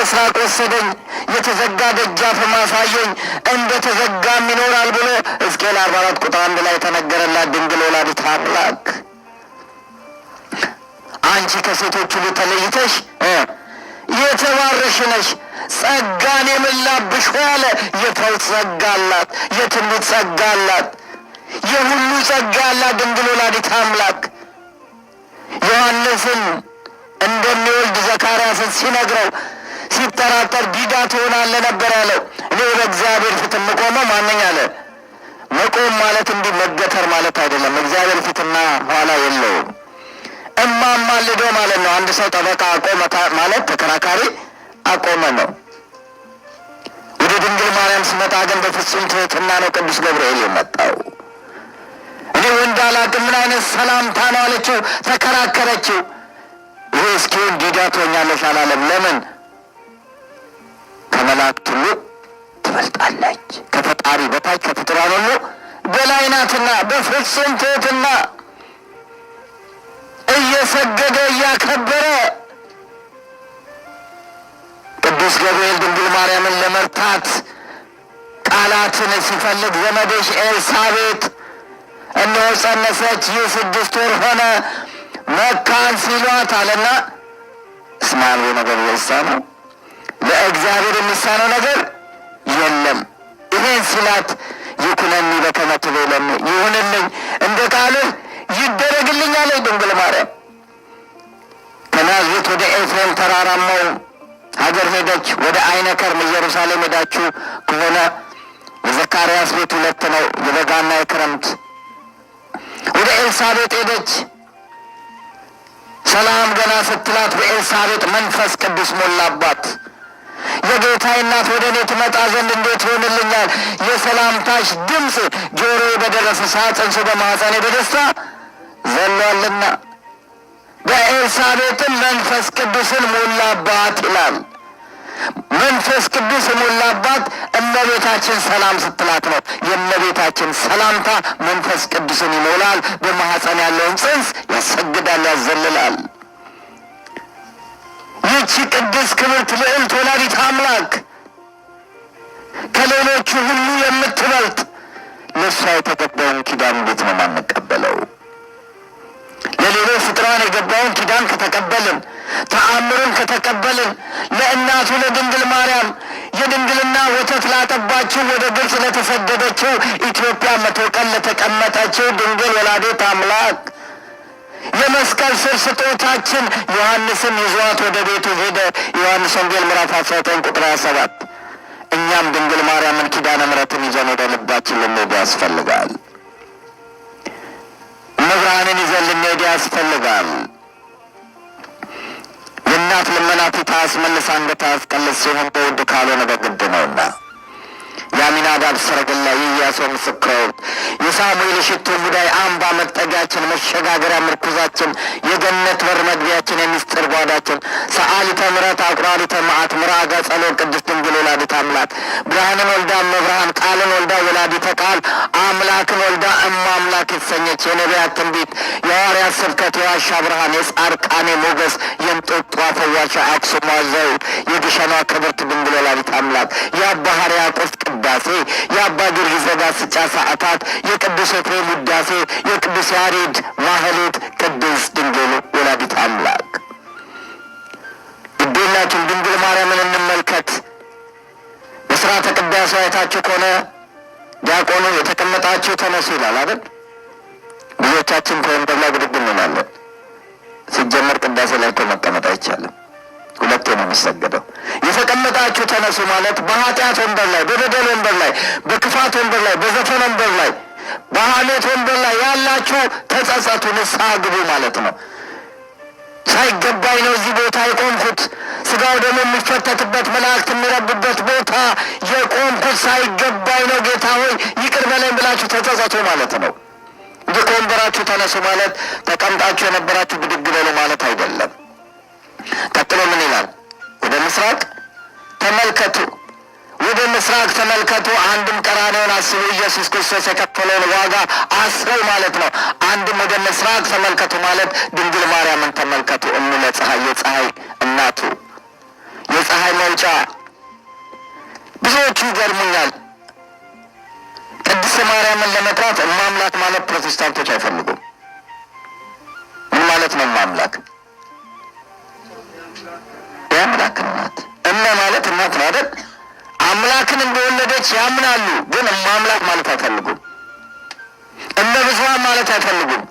ምስራቅ ወሰደኝ፣ የተዘጋ ደጃፍ ማሳየኝ፣ እንደ ተዘጋም ይኖራል ብሎ ሕዝቅኤል አርባ አራት ቁጥር አንድ ላይ ተነገረላት ድንግል ወላዲት አምላክ አንቺ ከሴቶች ሁሉ ተለይተሽ የተባረሽ ነሽ፣ ጸጋን የመላብሽ ሆይ አለ። የፈውስ ጸጋ አላት፣ የትንቢት ጸጋ አላት፣ የሁሉ ጸጋ አላት ድንግል ወላዲት አምላክ ዮሐንስን እንደሚወልድ ዘካርያስን ሲነግረው ሲጠራጠር ዲዳ ትሆናለ ነበር ያለው። እኔ በእግዚአብሔር ፊት የምቆመው ማነኝ አለ። መቆም ማለት እንዲህ መገተር ማለት አይደለም። እግዚአብሔር ፊትና ኋላ የለውም። እማማልዶ ማለት ነው። አንድ ሰው ጠበቃ አቆመ ማለት ተከራካሪ አቆመ ነው። ወደ ድንግል ማርያም ስመጣ ግን በፍጹም ትህትና ነው ቅዱስ ገብርኤል የመጣው። እኔ ወንድ አላውቅም ምን አይነት ሰላምታ ነው አለችው፣ ተከራከረችው። ይሄ እስኪሆን ዲዳ ትሆኛለሽ አላለም። ለምን ከመላእክት ሁሉ ትበልጣለች። ከፈጣሪ በታች ከፍጥራን ሁሉ በላይ ናትና በፍጹም ትሕትና እየሰገደ እያከበረ ቅዱስ ገብርኤል ድንግል ማርያምን ለመርታት ቃላትን ሲፈልግ ዘመዶች ኤልሳቤጥ እነሆ ጸነሰች፣ ይህ ስድስት ወር ሆነ መካን ሲሏት አለና እስማኤል ነገር ነው እግዚአብሔር የሚሳነው ነገር የለም። ይሄን ስላት ይኩነኒ በከመ ትቤለኒ፣ ይሁንልኝ እንደ ቃልህ ይደረግልኝ አለች ድንግል ማርያም። ከናዝሬት ወደ ኤፍሬም ተራራማው ሀገር ሄደች። ወደ አይነ ከርም ኢየሩሳሌም ሄዳችሁ ከሆነ የዘካርያስ ቤት ሁለት ነው፣ የበጋና የክረምት። ወደ ኤልሳቤጥ ሄደች። ሰላም ገና ስትላት በኤልሳቤጥ መንፈስ ቅዱስ ሞላባት። የጌታ እናት ወደ እኔ ትመጣ ዘንድ እንዴት ይሆንልኛል? የሰላምታሽ ድምፅ ጆሮ በደረሰ ሰዓት ጽንሱ በማኅፀኔ በደስታ ዘሏልና። በኤልሳቤጥም መንፈስ ቅዱስን ሞላባት ይላል። መንፈስ ቅዱስ ሞላባት እመቤታችን ሰላም ስትላት ነው። የእመቤታችን ሰላምታ መንፈስ ቅዱስን ይሞላል፣ በማኅፀን ያለውን ጽንስ ያሰግዳል፣ ያዘልላል። ይህቺ ቅድስት ክብርት ልዕልት ወላዲት አምላክ ከሌሎቹ ሁሉ የምትበልጥ ለእሷ የተገባውን ኪዳን እንዴት ነው ማንቀበለው? ለሌሎች ፍጥሯን የገባውን ኪዳን ከተቀበልን ተአምሩን ከተቀበልን ለእናቱ ለድንግል ማርያም የድንግልና ወተት ላጠባችው ወደ ግብፅ ለተሰደደችው ኢትዮጵያ መቶ ቀን ለተቀመጠችው ድንግል ወላዲት አምላክ የመስቀል ስር ስጦታችን ዮሐንስን ይዟት ወደ ቤቱ ሄደ። ዮሐንስ ወንጌል ምዕራፍ 19 ቁጥር 27። እኛም ድንግል ማርያምን ኪዳነ ምሕረትን ይዘን ወደ ልባችን ልንሄድ ያስፈልጋል። መብርሃንን ይዘን ልንሄድ ያስፈልጋል። የእናት ልመና ፊት አያስመልስ አንገት አያስቀልስ ሲሆን በውድ ካልሆነ በግድ ነውና የአሚናዳብ ሰረገላ የኢያሱ ምስክሮች የሳሙኤል ሽቱ ሙዳይ አምባ መጠጊያችን፣ መሸጋገሪያ ምርኩዛችን፣ የገነት በር መግቢያችን፣ የሚስጥር ጓዳችን ሰአሊተ ምሕረት አቁራሪተ መዓት ምራጋ ጸሎት ቅድስት ድንግል ወላዲተ አምላክ ብርሃንን ወልዳ መብርሃን ቃልን ወልዳ ወላዲተ ቃል አምላክን ወልዳ እማ አምላክ የተሰኘች የነቢያት ትንቢት የሐዋርያት ስብከት የዋሻ ብርሃን የጻድቃኔ ሞገስ የእንጦጧ ፈዋሻ አክሱም ዘው የግሸኗ ክብርት ድንግል ወላዲተ አምላክ የአባ ሕርያቆስ ቅዳሴ የአባ ጊዮርጊስ ዘጋስጫ ሰዓታት የቅዱስ ኤፍሬም ውዳሴ የቅዱስ ያሬድ ማህሌት ቅድስት ድንግል ወላዲተ አምላክ ግዴላችን ድንግል ማርያምን እንመለ ስርዓተ ቅዳሴ አይታችሁ ከሆነ ዲያቆኑ የተቀመጣችሁ ተነሱ ይላል አይደል? ብዙዎቻችን ከወንበር ላይ ብድግ እንላለን። ሲጀመር ቅዳሴ ላይ እኮ መቀመጥ አይቻልም። ሁለቴ ነው የሚሰገደው። የተቀመጣችሁ ተነሱ ማለት በኃጢአት ወንበር ላይ፣ በበደል ወንበር ላይ፣ በክፋት ወንበር ላይ፣ በዘፈን ወንበር ላይ፣ በሐሜት ወንበር ላይ ያላችሁ ተጸጸቱ፣ ንስሐ ግቡ ማለት ነው። ሳይገባኝ ነው እዚህ ቦታ የቆምኩት ስጋው ደግሞ የሚፈተትበት መላእክት የሚረቡበት ቦታ የቆምኩት ሳይገባኝ ነው፣ ጌታ ሆይ ይቅር በለኝ ብላችሁ ተጸጸቱ ማለት ነው እንጂ ከወንበራችሁ ተነሱ ማለት ተቀምጣችሁ የነበራችሁ ብድግ በሉ ማለት አይደለም። ቀጥሎ ምን ይላል? ወደ ምስራቅ ተመልከቱ፣ ወደ ምስራቅ ተመልከቱ፣ አንድም ቀራንዮውን አስቡ፣ ኢየሱስ ክርስቶስ የከፈለውን ዋጋ አስቡ ማለት ነው። አንድም ወደ ምስራቅ ተመልከቱ ማለት ድንግል ማርያምን ተመልከቱ፣ እምነ ፀሐይ የፀሐይ እናቱ ፀሐይ መውጫ ብዙዎቹ ይገርሙኛል። ቅድስት ማርያምን ለመጥራት ማምላክ ማለት ፕሮቴስታንቶች አይፈልጉም። ምን ማለት ነው ማምላክ? የአምላክ እናት እመ ማለት እናት ነው አይደል? አምላክን እንደወለደች ያምናሉ፣ ግን ማምላክ ማለት አይፈልጉም። እመ ብዙሃን ማለት አይፈልጉም።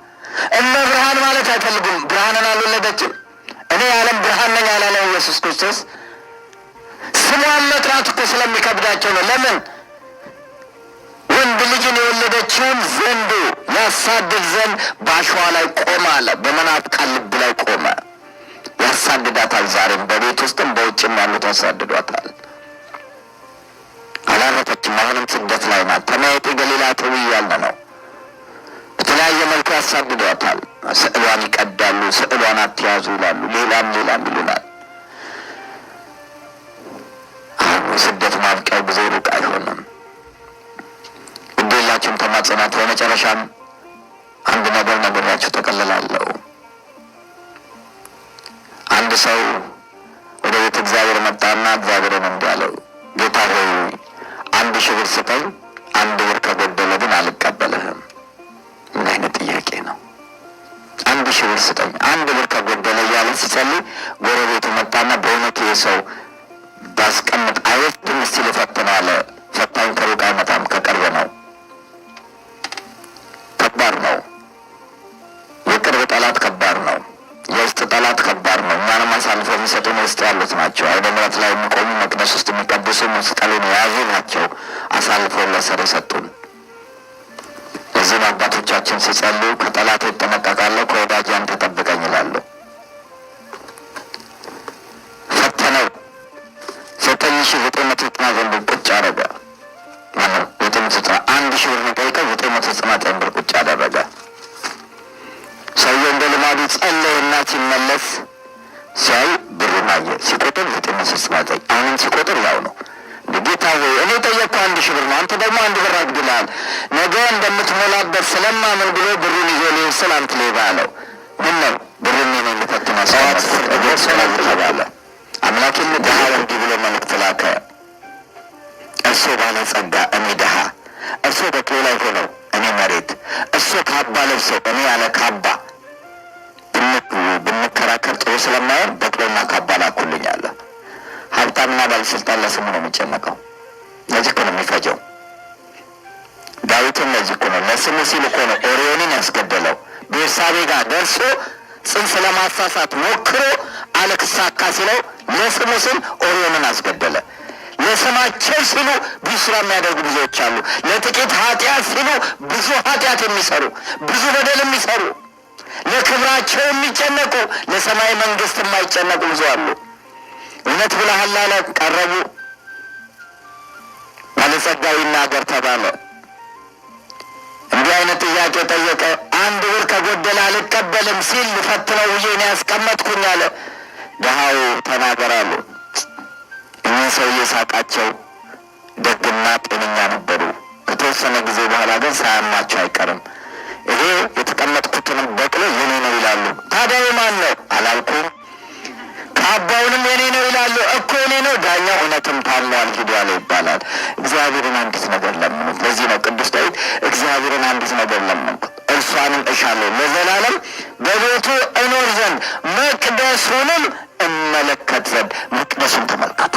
እመ ብርሃን ማለት አይፈልጉም። ብርሃንን አልወለደችም። እኔ የዓለም ብርሃን ነኝ ያላለው ኢየሱስ ክርስቶስ ስሟን መጥራት እኮ ስለሚከብዳቸው ነው። ለምን ወንድ ልጅን የወለደችውን ዘንዶ ያሳድድ ዘንድ በአሸዋ ላይ ቆመ አለ። በመናፍቃን ልብ ላይ ቆመ። ያሳድዳታል። ዛሬም በቤት ውስጥም በውጭም ያሉት ያሳድዷታል። አላረፈችም። አሁንም ስደት ላይ ናት። ተማየጤ ገሊላ ተው እያለ ነው። በተለያየ መልኩ ያሳድዷታል። ስዕሏን ይቀዳሉ። ስዕሏን አትያዙ ይላሉ። ሌላም ሌላም ይሉናል። ስደት ማብቂያው ጊዜ ሩቅ አይሆንም። እንዴላችሁም ተማጽናት። በመጨረሻም አንድ ነገር ነገራችሁ ተቀልላለሁ። አንድ ሰው ወደ ቤት እግዚአብሔር መጣና እግዚአብሔርን እንዲህ ጌታ ሆይ አንድ ሺህ ብር ስጠኝ፣ አንድ ብር ከጎደለ ግን አልቀበልህም። ምን አይነት ጥያቄ ነው? አንድ ሺህ ብር ስጠኝ፣ አንድ ብር ከጎደለ እያለ ሲጸልይ ጎረቤቱ መጣና በእውነቱ የሰው ባስቀምጠ ጳውሎስን መስቀሉን የያዙ ናቸው አሳልፎ ለሰር የሰጡን። እዚህም አባቶቻችን ሲጸሉ ከጠላት ይጠነቀቃለሁ ከወዳጅ አንተ ጠብቀኝ ይላሉ። ፈተነው። ዘጠኝ ሺ ዘጠኝ መቶ ዘጠና ዘንድ ቁጭ አደረገ። ዘጠኝ መቶ ዘጠና አንድ ሺ ብር ጠይቀው ዘጠኝ መቶ ዘጠና ዘጠኝ ቁጭ አደረገ። ሰውየው እንደ ልማዱ ጸለየና ሲመለስ ሲያይ ብሩን አየ። ሲቆጥር ዘጠኝ መቶ ዘጠና ዘጠኝ አሁንም ሲቆጥር ያው ነው። ጌታ ወይ እኔ ጠየቅኩ አንድ ሺህ ብር ነው፣ አንተ ደግሞ አንድ ብር አግድልሃል፣ ነገ እንደምትሞላበት ስለማምን ብሎ ብሩን ይዞ ሊሄድ ስል አንት ሌባ አለው። ምን ነው ብሩን ነው የሚፈትነው ሰዋት ፍርድ ቤት ተባለ። አምላኬን ድሃ እንዲህ ብሎ መልእክት ላከ። እርሶ ባለ ጸጋ፣ እኔ ድሃ፣ እርሶ በቅሎ ላይ ሆነው፣ እኔ መሬት፣ እርሶ ካባ ለብሰው፣ እኔ ያለ ካባ ብንከራከር ጥሩ ስለማይሆን በቅሎና ካባ ላኩልኛል። ሀብታምና ባለስልጣን ለስሙ ነው የሚጨነቀው። ለዚህ እኮ ነው የሚፈጀው። ዳዊትን ለዚህ እኮ ነው ለስሙ ሲል እኮ ነው ኦሪዮንን ያስገደለው። ቤርሳቤ ጋር ደርሶ ጽንስ ለማሳሳት ሞክሮ አለክሳካ ሲለው ለስሙ ስል ኦሪዮንን አስገደለ። ለስማቸው ሲሉ ብዙ ስራ የሚያደርጉ ብዙዎች አሉ። ለጥቂት ኃጢአት ሲሉ ብዙ ኃጢአት የሚሰሩ ብዙ በደል የሚሰሩ ለክብራቸው የሚጨነቁ ለሰማይ መንግስት የማይጨነቁ ብዙ አሉ። እውነት ብለሃል አለ። ቀረቡ። ባለጸጋ ይናገር ተባለ። እንዲህ አይነት ጥያቄ ጠየቀ። አንድ ብር ከጎደለ አልቀበልም ሲል ልፈትነው ብዬ ነው ያስቀመጥኩኝ አለ። ድሃው ተናገር አሉ። እኚህ ሰውዬ ሳቃቸው ደግና ጤነኛ ነበሩ። ከተወሰነ ጊዜ በኋላ ግን ሳያማቸው አይቀርም። ይሄ የተቀመጥኩትንም በቅሎ የኔ ነው ይላሉ። ታዲያ ማን ነው አላልኩም? ካባውንም የኔ ነው እኮ እኔ ነው ዳኛ እውነትም ታምኗል ሂዷል ይባላል። እግዚአብሔርን አንዲት ነገር ለምኑት። ለዚህ ነው ቅዱስ ዳዊት እግዚአብሔርን አንዲት ነገር ለምኑት እርሷንም እሻለሁ ለዘላለም በቤቱ እኖር ዘንድ መቅደሱንም እመለከት ዘንድ መቅደሱን ተመልከቱ።